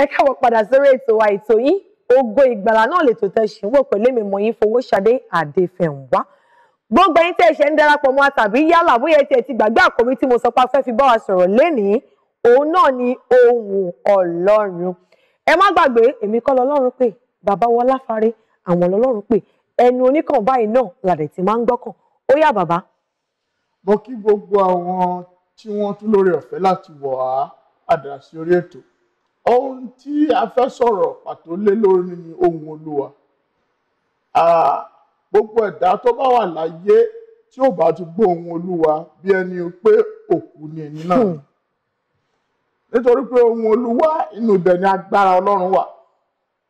ẹ káwọ́ padà sórí ètò wa ètò ogo Ògo Ìgbàlà náà lètò tẹ́ ṣì ń wò pẹ̀lú èmi mọ̀ yín Fowóṣadé Adéfẹ̀wá gbogbo ẹ̀yin tẹ́ ẹ ṣe ń darapọ̀ mọ́ tàbí yálà bóyá tiẹ̀ ti gbàgbé àkòrí tí mo sọ pé a fẹ́ fi bá wa sọ̀rọ̀ lénìí òun náà ni ohùn Ọlọ́run ẹ má gbàgbé èmi kọ́ lọ́lọ́run pé bàbá wọn láfárẹ́ àwọn lọ́lọ́run pé ẹnu oníkàn báyìí náà làdẹ̀ ti máa ń gbọ́kàn ó yá bàbá. mo kí gbogbo àwọn tí wọ́n tún lórí ọ̀fẹ́ láti wọ̀ á àdá orí ètò ohun tí a fẹ́ sọ̀rọ̀ pàtó lé lórí ni ohun olúwa gbogbo ẹ̀dá tó bá wà láyé tí ò bá ti gbọ́ ohun olúwa bí ẹni pé òkú ni ẹni náà hmm. nítorí pé ohun olúwa inú ibẹ̀ ni agbára ọlọ́run wà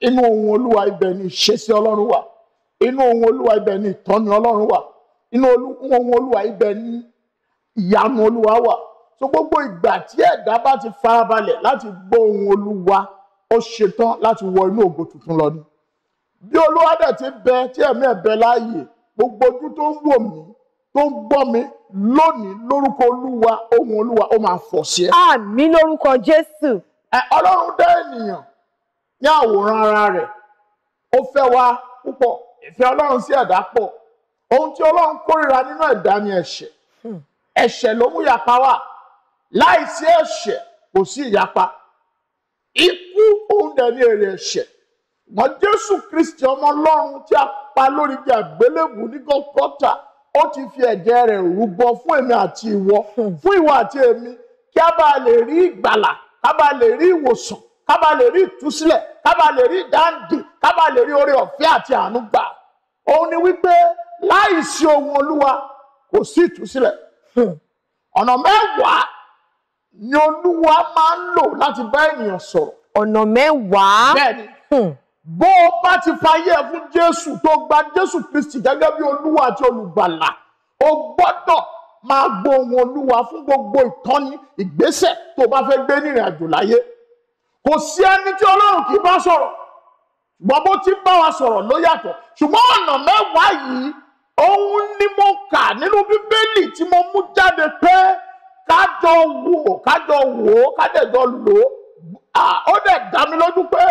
inú ohun olúwa ibẹ̀ ni ìṣesí ọlọ́run wà inú ohun olúwa ibẹ̀ ni ìtọ́ni ọlọ́run wà inú ohun olúwa ibẹ̀ ni ìyanu olúwa wà so gbogbo ìgbà tí ẹ̀dá bá ti farabalẹ̀ láti gbọ́ ohùn olúwa ó ṣetán láti wọ inú ògo tuntun lọ ni bí olúwa dẹ̀ ti bẹ tí ẹ̀mí ẹ̀ bẹ láàyè gbogbo ojú tó ń wò mí tó ń gbọ́ mi lónìí lórúkọ olúwa ohùn olúwa ó máa fọ̀ sí ẹ. àmì lórúkọ jésù. ẹ ọlọ́run dá ènìyàn ní àwòrán ara rẹ̀ ó fẹ́ wa púpọ̀ ìfẹ́ ọlọ́run sí ẹ̀dá pọ̀ ohun tí ọlọ́run kórìíra nínú ẹ̀dá ni ẹ̀ṣẹ̀ hmm. ẹ̀ṣẹ̀ ló mú ìyapa wá láìsí ẹ̀ṣẹ̀ kò sí ìyapa ikú òun dẹ̀ ní èrè ẹ̀ṣẹ̀ wọn jésù kristi ọmọ ọlọ́run tí a pa lórí igi àgbélébù ní gọ́gọ́tà ó ti fi ẹ̀jẹ̀ rẹ̀ rúbọ fún èmi àti ìwọ fún ìwọ àti èmi kí a bá lè rí ìgbàlà ká bá lè rí ìwòsàn ká bá lè rí ìtúsílẹ̀ ká bá lè rí ìdáǹdè ká bá lè rí oore ọ̀fẹ́ àti àánú gbà òun ni wípé láìsí ohun olúwa kò sí ìtúsílẹ̀ hmm. ọ̀nà mẹ́wàá ni olúwa máa ń lò láti bá ènìyàn sọ̀rọ̀. ọ̀nà mẹ́wàá. bẹ́ẹ̀ni hmm. bó o bá ti fayé ẹ fún jésù tó gba jésù kristi gẹ́gẹ́ bí olúwa àti olùgbàlà o gbọ́dọ̀ máa gbóhùn olúwa fún gbogbo ìtọ́ni ìgbésẹ̀ tó o bá fẹ́ gbé nírìn àjò láyé kò sí ẹni tí ọlọ́run kì í bá sọ̀rọ̀ ṣùgbọ́n bó ti bá wa sọ̀rọ̀ ló yàtọ̀ ṣùgbọ́n ọ̀nà mẹ́wàá yìí òun ni mo kà nínú bíbélì tí mo mú jáde pé kájọ wò kájọ wò kájẹjọ lò ó ó dẹ̀ lójú pé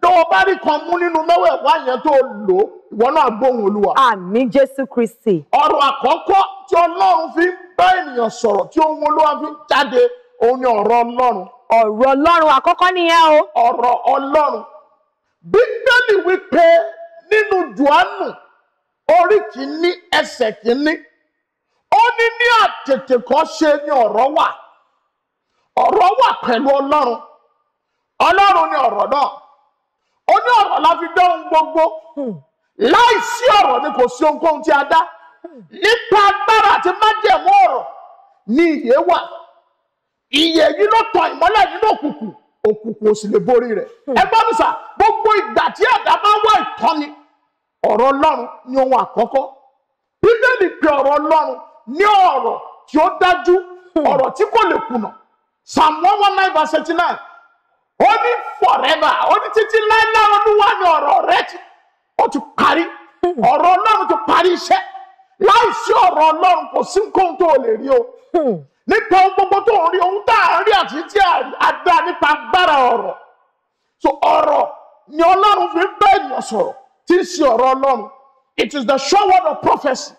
tó bá rí kan mú nínú mẹ́wẹ̀ẹ̀wá yẹn tó lò ìwọ náà gbóhùn olúwa. àmín jésù kristi. ọ̀rọ̀ àkọ́kọ́ tí ọlọ́run fi ń bá ènìyàn sọ̀rọ̀ tí ohun olúwa fi ń jáde òun ni ọ̀rọ̀ ọlọ́run. ọ̀rọ̀ ọlọ́run àkọ́kọ́ nìyẹn o. ọ̀rọ̀ ọlọ́run bíbélì wípé nínú johannu orí kìíní ẹsẹ̀ kìíní ní ní àtètè kan ṣe ni ọ̀rọ̀ wà ọ̀rọ̀ wà pẹ̀lú ọlọ́run ọlọ́run ni ọ̀rọ̀ náà ó ní ọ̀rọ̀ la fi dán ohun gbogbo hmm. láì sí ọ̀rọ̀ ni kò sí ohunkóhun tí a dá hmm. nípa agbára àti májẹ̀mú ọ̀rọ̀ ni ìyè wà ìyè yìí ló tan ìmọ́lẹ̀ nínú òkùnkùn òkùnkùn ò sì lè borí rẹ̀ hmm. ẹ gbọ́ mi sà gbogbo ìgbà tí ẹ̀dá máa ń wá ìtọ́ni ọ̀rọ̀ ọlọ́run ni ohun àkọ́kọ́ bíbélì pé ọ̀rọ̀ ọlọ́run ní ọ̀rọ̀ tí ó dájú hmm. ọ̀rọ̀ tí kò lè kùnà psalm one one nine verse thirty nine ó ní forever ó ní títí láíláí olúwa ni ọ̀rọ̀ rẹ ti ó ti parí hmm. ọ̀rọ̀ ọlọ́run ti parí iṣẹ́ láì sí ọ̀rọ̀ ọlọ́run kò sí nǹkan tó lè rí o hmm. nípa ohun gbogbo tó ń rí ohun tá à rí àti tí a dá nípa agbára ọ̀rọ̀ so ọ̀rọ̀ ni ọlọ́run fi ń bá ènìyàn sọ̀rọ̀ tí ń ṣe ọ̀rọ̀ ọlọ́run it is the sure word of prophecy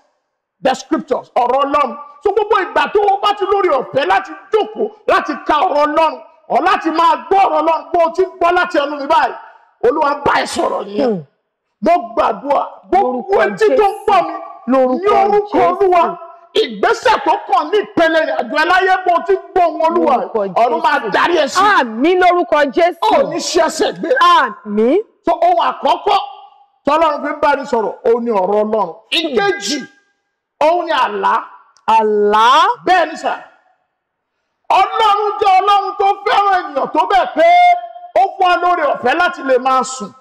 the scriptures ọ̀rọ̀ ọlọ́run so gbogbo ìgbà tó o bá ti lórí ọ̀fẹ́ láti jókòó láti ka ọ̀rọ̀ ọlọ́run ọ̀ láti máa gbọ́ ọ̀rọ̀ ọlọ́run bó o ti gbọ́ láti ẹnu mi báyìí olúwa bá ẹ sọ̀rọ̀ yẹn hmm. mo gbàdúrà gbogbo etí tó ń gbọ́ mi ní orúkọ olúwa ìgbésẹ̀ tó kàn ní ìpele àjọ ẹláyé bó ti gbóhùn olúwa ọ̀run máa darí ẹ sí. àmín lórúkọ jésù. ó ní ṣẹṣẹ gbé. àmín. tó ohun àkọ́kọ́ tọ́lọ́run fi ń bá ní sọ̀rọ̀ ó ní ọ̀rọ̀ ọlọ́run. Hmm. ìkejì òun ni àlá. àlá. bẹ́ẹ̀ ni sà ọlọ́run jẹ́ ọlọ́run tó fẹ́ràn ènìyàn tó bẹ̀ pé ó fún wa lóore ọ̀fẹ́ láti lè máa sùn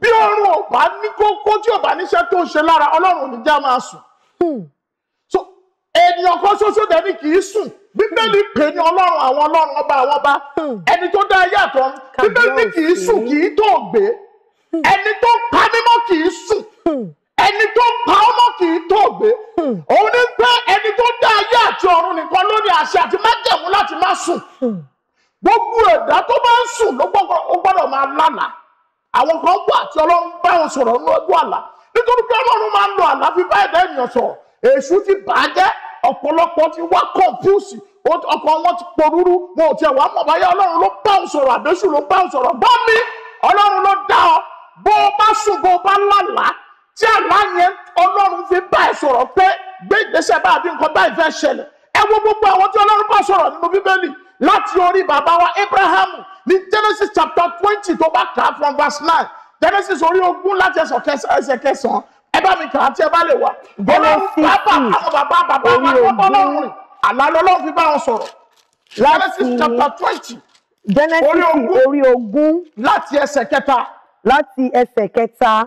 bí oorun ò bá ní kókó tí ò níṣẹ́ tó ń ṣe lára ọlọ́run ní já máa sùn hmm. so ènìyàn kan ṣoṣo dẹni kì í sùn bíbélì pè ní ọlọ́run àwọn ọlọ́run ọba àwọn ọba hmm. ẹni tó dá ayé àtọ́ bíbélì kì í sùn kì í tó gbé hmm. ẹni tó pa mímọ́ kì í sùn ẹni tó pa ọmọ kì í tó gbé hmm. òun ní pé ẹni tó dá ayé àti ọ̀run nìkan ló ní àṣẹ àti májẹ̀mú láti má sùn hmm. gbogbo ẹ̀dá tó bá ń sùn ló gbọ́dọ̀ máa lánàá àwọn kan wà tí ọlọ́run bá wọn sọ̀rọ̀ ní ọjọ́ àlá nítorí pé ọlọ́run máa ń lo àlá fi bá ẹ̀dá ènìyàn sọ̀rọ̀ èṣù ti bàjẹ́ ọ̀pọ̀lọpọ̀ ti wá kọ̀ǹpúùsì ọkọ̀ wọn ti porúurú wọn ò tiẹ̀ wá mọ̀ báyá ọlọ́run ló bá òun sọ̀rọ̀ àbẹ́sù ló bá òun sọ̀rọ̀ bọ́ mi ọlọ́run ló dá ọ bó o bá sùn bó o bá lálàá tí àlá yẹn ọlọ́run fi bá ẹ̀ sọ̀rọ̀ pé gbé ìgbésẹ̀ báyìí bí nǹkan báyìí fẹ́ ṣẹlẹ̀ ẹ wo gbogbo àwọn tí ọlọ́run bá sọ̀rọ̀ nínú bíbélì láti orí bàbá wa Abrahamu ní Genesis chapter twenty tó bá kà á from verse nine Genesis orí ogún láti ẹsẹ̀ kẹsàn-án ẹ bá mi kà á tí ẹ bá lè wà ọlọ́run bàbá àwọn bàbá bàbá wa ọlọ́run rìn àlá ọlọ́run fi bá wọn sọ̀rọ̀ Genesis chapter twenty orí ogún láti ẹsẹ̀ kẹta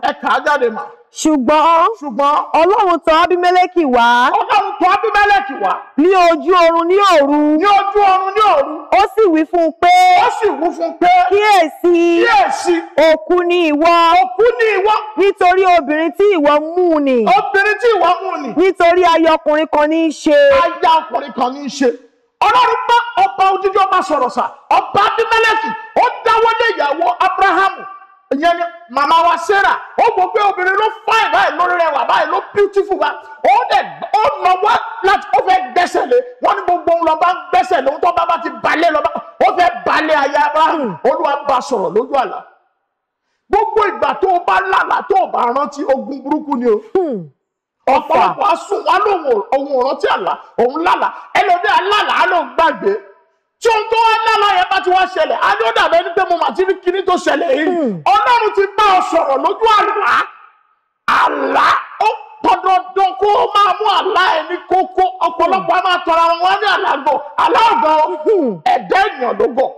ẹ kà á jáde mà ṣùgbọ́n ṣùgbọ́n ọlọ́run tọ̀ Ábímẹ́lẹ́kì wá. ọlọ́run tọ̀ Ábímẹ́lẹ́kì wá. ní ojú oorun ní òru. ní ojú oorun ní òru. ó sì wí fún un pé. ó sì wí fún un pé. kíyèsí. kíyèsí. òkú ni ìwọ. òkú ni ìwọ. nítorí obìnrin tí ìwọ mú ni. obìnrin tí ìwọ mú ni. nítorí aya ọkùnrin kan ní í ṣe. aya ọkùnrin kan ní í ṣe. ọlọ́run bá ọba odidi ọba sọ̀rọ̀ sà ọba Ábímẹ́lẹ́kì ó dáwọ́lé ìyàwó Ábúráhámù ìyẹn ni màmá wa sarah ó mọ̀ pé obìnrin ló fine báyìí lórí rẹwà báyìí ló beautiful bá ó dẹ̀ ó nà wá láti ó fẹ́ gbẹ́sẹ̀ lé wọ́n ní gbogbo ń lọ bá ń gbẹ́sẹ̀ lé tó bá bá ti balẹ̀ lọ bá ó fẹ́ balẹ̀ ayé abraham olúwa bá sọ̀rọ̀ lójú àlá gbogbo ìgbà tó bá lálà tó bá rántí ogun burúkú ni o hmm. ọ̀pọ̀lọpọ̀ asùn wa lóhùn òun rántí àlá òun lálà ẹlòmíràn lálà á lóun gbàgbé tí ohun tó wá lálọ́ yẹn bá ti wá ṣẹlẹ̀ a ní ó dàbẹ́ ní pé mo mà ti rí kinní tó ṣẹlẹ̀ yìí hmm. ọlọ́run ti bá ọ sọ̀rọ̀ lójú àlá àlá ó pọ̀dọ̀dọ̀ kó o máa mú àlá ẹ̀ ní kókó ọ̀pọ̀lọpọ̀ a máa tọrọ àwọn wọn ní àlágbò àlá ọ̀gá hmm. ẹ̀dá ènìyàn ló gọ̀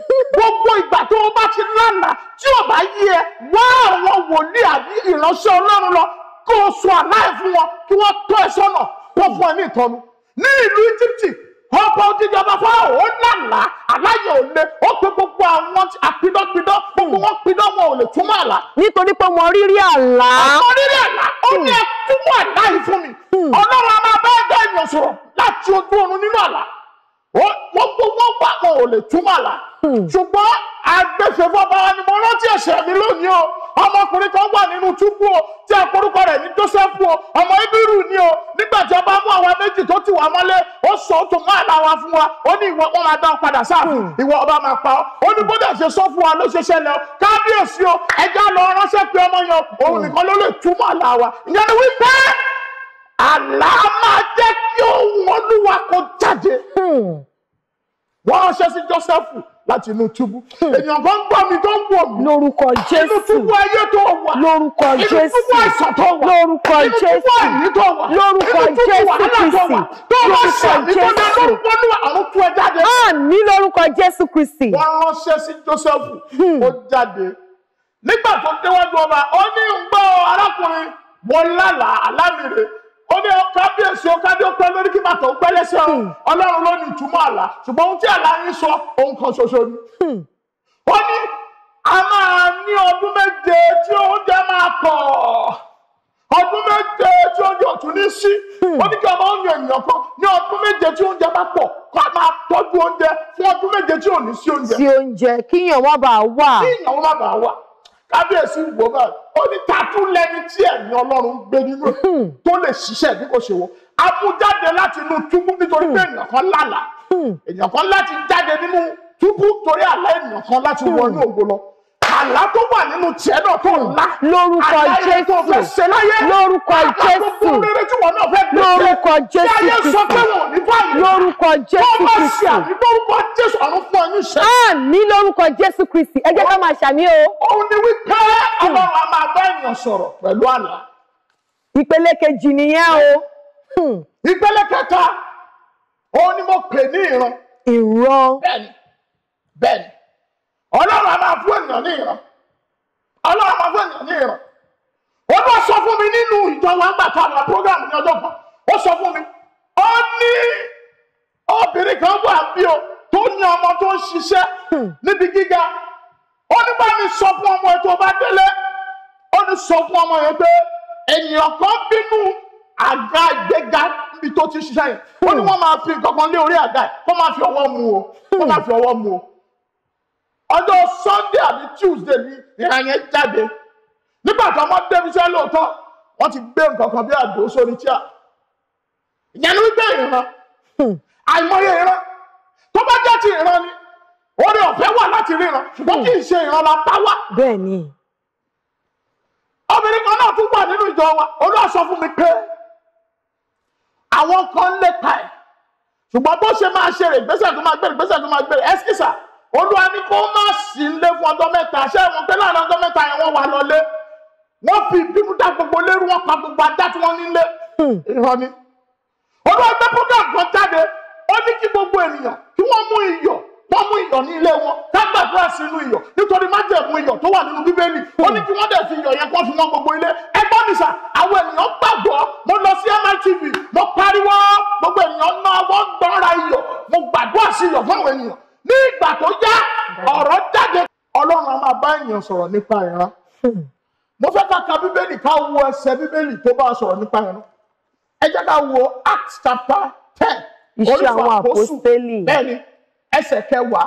gbogbo ìgbà tó o bá ti lánà tí o bá yí ẹ wá àwọn wòlíì àbí ìránṣẹ́ ọlọ́run lọ kó o sọ àlá ẹ̀ fún wọn kí wọ́n tọ́ ẹ sọ́nà kó fún ẹ ìtọ́nu ní ìlú Íjíbítì ọba òjijọba fọlá ò lànà aláyẹ òle ó pe gbogbo àwọn àpidọ́pidọ́ gbogbo wọn pidọ́ wọn ò lè túmọ̀ àlá. nítorí pé mo rírí àlá. mo rírí àlá ó ní ẹ túmọ̀ àlá yìí fún mi hmm. ọlọ́run a máa bá ẹgbẹ́ èèyàn sọ̀rọ̀ láti ojú oorun nínú àlá wọ́n gbogbo wà wọn ò lè túmọ̀ àlá hmm. ṣùgbọ́n àgbẹ̀fẹ̀fọ́ bá wa ni mo rántí ẹ̀ṣẹ̀ mi lónìí o ọmọkùnrin kan wà nínú túbú o tí a porúkọ ní Joseph o ọmọ ibiru ni o nígbà tí ọba mú àwa méjì tó ti wà mọ́lé ó sọ ó tó mọ́ àlá wa fún wa ó ní ìwọ wọn máa dán padà sáàfù hmm. ìwọ ọba máa pa ọ́ ó ní bódà ṣe sọ fún wa ló ṣe ṣẹlẹ̀ o kábíyèsí o ẹja lọ ránṣẹ́ pé ọmọ yẹn òun hmm. nìkan ló lè túmọ̀ àlá wa ìyẹn ni wípé àlá máa jẹ́ kí ohun Olúwa kó jáde hmm. wọ́n ránṣẹ́ sí Joseph láti inú túbú hmm. ènìyàn kan gbọ́ mi tó ń wọ̀ mí lórúkọ jésù inú túbú ayé tó wà lórúkọ jésù inú túbú àìsàn tó wà lórúkọ jésù inú túbú àìní tó wà lórúkọ jésù kristi tó bá sàmì tó dá lórúkọ níwà àrùn fún ẹ jáde. àmì lórúkọ jésù kristi. wọ́n ránṣẹ́ sí joseph hmm. ó jáde nígbà tó déwájú ọba ó ní ń gbọ́ arákùnrin mo lálàá alámìire ó ní ọ kábíyèsí o kábíyèsí o pẹ́ lórí kí bàtà ó pẹ́ lẹ́sẹ̀ o ọlọ́run ló ní ìtumọ̀ àlá ṣùgbọ́n ohun tí àlá yín sọ ohun kan ṣoṣo ni. Hmm. ó ní a máa ní ọdún méje tí oúnjẹ máa pọ̀ ọdún méje tí oúnjẹ ò tún ní sí hmm. ó ní kí ọmọ oúnjẹ ènìyàn kan ní ọdún méje tí oúnjẹ bá pọ̀ kó a máa tọ́jú oúnjẹ fún ọdún méje tí ò ní sí oúnjẹ. sí oúnjẹ kíyàn wá bàa wà. kíyàn wá bàa wà kábíyèsí wò bá ó ní tàtú lẹni tí ẹ̀mí ọlọ́run gbé nínú hmm. tó lè ṣiṣẹ́ bí kò ṣe wọ a mú jáde láti inú túbú nítorí pé hmm. èèyàn kan lálàá hmm. èèyàn kan láti jáde nínú túbú torí àlá èèyàn kan láti wọ inú ògbó lọ àlá tó wà nínú tiẹ̀ náà tó ńlá. lórúkọ jésù lórúkọ jésù lórúkọ jésù kristu lórúkọ jésù kristu. lórúkọ jésù ọ̀run fún ọyún ṣe. àmì lórúkọ jésù kristi ẹ jẹ́ ká máa ṣàmì o. òun ni wípé ọlọ́run a máa bá èèyàn sọ̀rọ̀ pẹ̀lú àlá. ìpele kejì nìyẹn o. Hmm. ìpele kẹta òun ni mo pè ní ìran. ìran. bẹ́ẹ̀ni bẹ́ẹ̀ni ọlọ́run a máa fún ènìyàn ní ìran ọlọ́run a máa fún ènìyàn ní ìran ó lọ sọ fún mi nínú ìjọ wa ń gbàtà àlà program ní ọjọ́ kan ó sọ fún mi ó ní obìnrin kan wà bí o tó ní ọmọ tó ń ṣiṣẹ́ hmm. níbi gíga ó ní bá mi sọ fún ọmọ yẹn tó bá délé ó ní sọ fún ọmọ yẹn pé ènìyàn kan bínú àga ìgbéga níbi tó ti ṣiṣẹ́ yẹn ó ní hmm. wọ́n máa fi nǹkan kan lé orí àga yìí kó máa fi ọwọ́ mu o kó máa hmm. fi ọwọ́ mu o ọjọ́ sunday àbí tuesday ni ìran yẹn jáde nígbà tí ọmọ débi iṣẹ́ lóòótọ́ wọ́n ti gbé nǹkan kan bí àdó sórí tíà ìyẹn ni wípé ìran hmm. àìmọye ìran tó bá jẹ́ ti ìran ni orí ọ̀fẹ́ wà láti ríran ṣùgbọ́n kì í ṣe ìran la bá wà. bẹ́ẹ̀ ni. obìnrin kan náà tún wà nínú ìjọ wa olúwa sọ fún mi pé àwọn kan ń lépa ẹ̀ ṣùgbọ́n bó ṣe máa ṣe rè gbèsè tó máa gbèrè gbèsè tó máa gbèrè ẹ́síkìsà olúwa ní kó má sí ilé fún ọjọ́ mẹ́ta ṣé wọn pé láàrin ọjọ́ mẹ́ta yẹn wọ́n wà lọlé wọ́n fi bímú dá gbogbo lérú wọn pa gbogbo ajá tí wọ́n nílé hmm. irọ́ ni olúwa gbé program kan jáde ó ní kí gbogbo ènìyàn kí wọ́n mú iyọ̀ wọ́n mú iyọ̀ ní ilé wọn ká gbàdúrà sínú iyọ̀ nítorí májẹ̀mú iyọ̀ tó wà nínú bíbélì ó ní hmm. kí wọ́n dẹ̀ fi iyọ̀ yẹn kọ́ fi wọ́n gbogbo ilé ẹgbọ́n mi sà àwọn ènìyàn gbàgbọ́ mo lọ sí MITV mo pariwo gbogbo ènìyàn náà wọ́n gbọ́nra iyọ̀ mo gbàdúrà sí iyọ̀ fún àwọn ènìyàn ní ìgbà tó yá ọ̀rọ̀ jáde ọlọ́run a máa bá èèyàn sọ̀rọ̀ nípa ìran mo fẹ́ ká ka bíbélì ká wo ẹsẹ̀ bíbélì tó bá sọ̀rọ̀ nípa ìran ẹ jẹ́ ká wo Acts chapter ten orí àwọn àpòsítélì bẹ́ẹ̀ni ẹsẹ̀ kẹwàá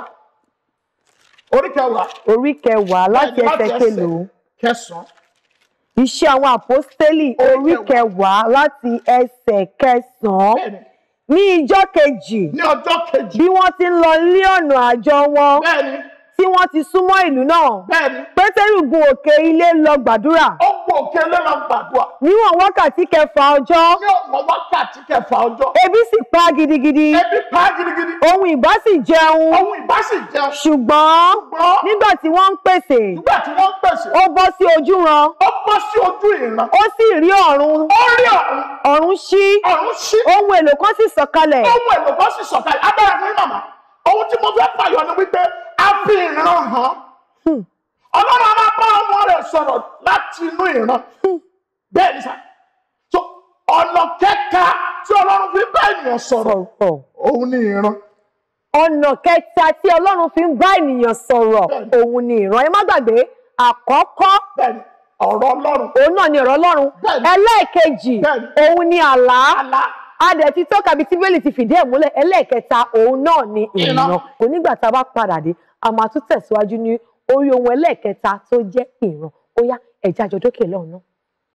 orí kẹwàá orí kẹwàá láti ẹsẹ̀ kẹlòó kẹsàn-án. Iṣẹ́ àwọn àpòsítélì orí kẹwàá láti ẹsẹ̀ kẹsàn-án ní ìjọ́ kejì ní ọjọ́ kejì bí wọ́n ti ń lọ lé ọ̀nà àjọ wọn bẹ́ẹ̀ni tí wọ́n ti súnmọ́ ìlú náà bẹ́ẹ̀ni pétérù gun òkè ilé lọ gbàdúrà ó gun òkè ilé lọ gbàdúrà níwọ̀n wákàtí kẹfà ọjọ́ níwọ̀n wákàtí kẹfà ọjọ́ ebi sì pa gidigidi ebi pa gidigidi ohun ìbá sì jẹun ohun ìbá sì jẹun ṣùgbọ́n nígbà tí wọ́n ń pèsè nígbà tí wọ́n ń pèsè ó bọ́ sí ojú wọn ó bọ́ sí ojú ìran. ó sì rí ọ̀run. ó rí ọ̀run. ọ̀run ṣí. ọ̀run ṣí. ohun èlò kan sì sọ̀kalẹ̀. ohun èlò kan sì sọ̀kalẹ̀ abẹ́rẹ́ fún màmá ohun tí mo fẹ́ fàyọ ni wípé a fi ìran hàn. Hmm. ọlọ́run a máa bá ọmọ rẹ̀ sọ̀rọ̀ láti inú ìran. Hmm. bẹ́ẹ̀ ni sá so ọ̀nà kẹta tí ọlọ́run fi bá ènìyàn sọ̀rọ̀ òun ni ìran ọ̀nà kẹta tí ọlọ́run fi ń bá ènìyàn sọ̀rọ̀ òun ni ìran ẹ má gbàgbé àkọ́kọ́ ọ̀rọ̀ ọlọ́run. òun náà ni ọ̀rọ̀ ọlọ́run. ẹlẹ́ẹ̀kejì òun ni àlá. a dẹ̀ ti tọ́ka bí tíbélì ti fìdí ẹ̀ múlẹ̀ ẹlẹ́ẹ̀kẹta òun náà ni ìrìnà. kò nígbà tá a bá padà dé a máa tún tẹ̀síwájú ní orí ohun ẹlẹ́ẹ̀kẹta tó jẹ́ ìrìnà ó yá ẹ̀já àjọ dókè lọ́hùn